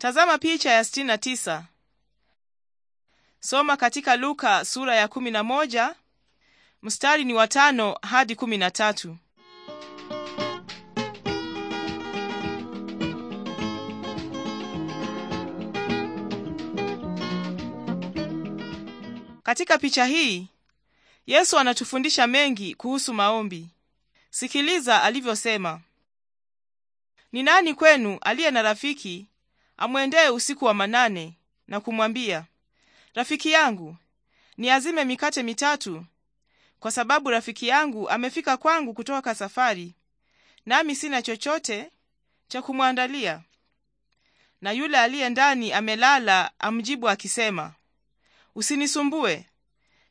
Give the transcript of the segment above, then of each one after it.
Tazama picha ya 69. Soma katika Luka sura ya 11 mstari ni wa tano hadi 13. Katika picha hii Yesu anatufundisha mengi kuhusu maombi. Sikiliza alivyosema: ni nani kwenu aliye na rafiki amwendee usiku wa manane na kumwambia, rafiki yangu, niazime mikate mitatu, kwa sababu rafiki yangu amefika kwangu kutoka safari, nami sina chochote cha kumwandalia. Na yule aliye ndani amelala amjibu akisema, usinisumbue,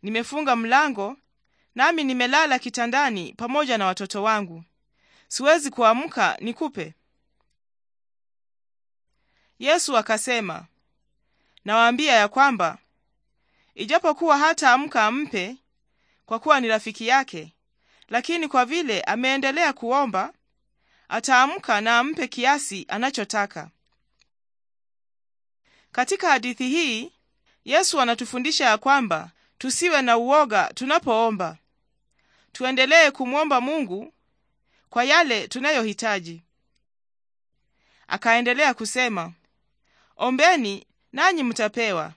nimefunga mlango nami nimelala kitandani pamoja na watoto wangu, siwezi kuamka nikupe. Yesu akasema, nawaambia ya kwamba ijapokuwa hata amka ampe kwa kuwa ni rafiki yake, lakini kwa vile ameendelea kuomba ataamka na ampe kiasi anachotaka. Katika hadithi hii Yesu anatufundisha ya kwamba tusiwe na uoga tunapoomba, tuendelee kumwomba Mungu kwa yale tunayohitaji. Akaendelea kusema, Ombeni nanyi mtapewa,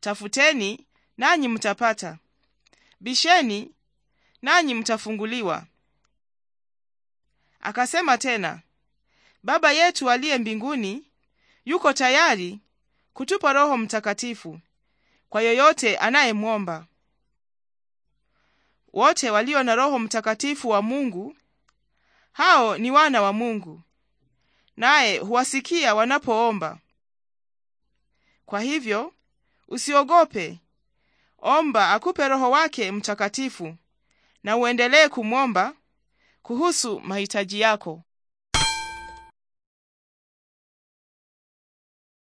tafuteni nanyi mtapata, bisheni nanyi mtafunguliwa. Akasema tena, Baba yetu aliye mbinguni yuko tayari kutupa Roho Mtakatifu kwa yoyote anayemwomba. Wote walio na Roho Mtakatifu wa Mungu hao ni wana wa Mungu, naye huwasikia wanapoomba. Kwa hivyo usiogope, omba akupe Roho wake Mtakatifu, na uendelee kumwomba kuhusu mahitaji yako.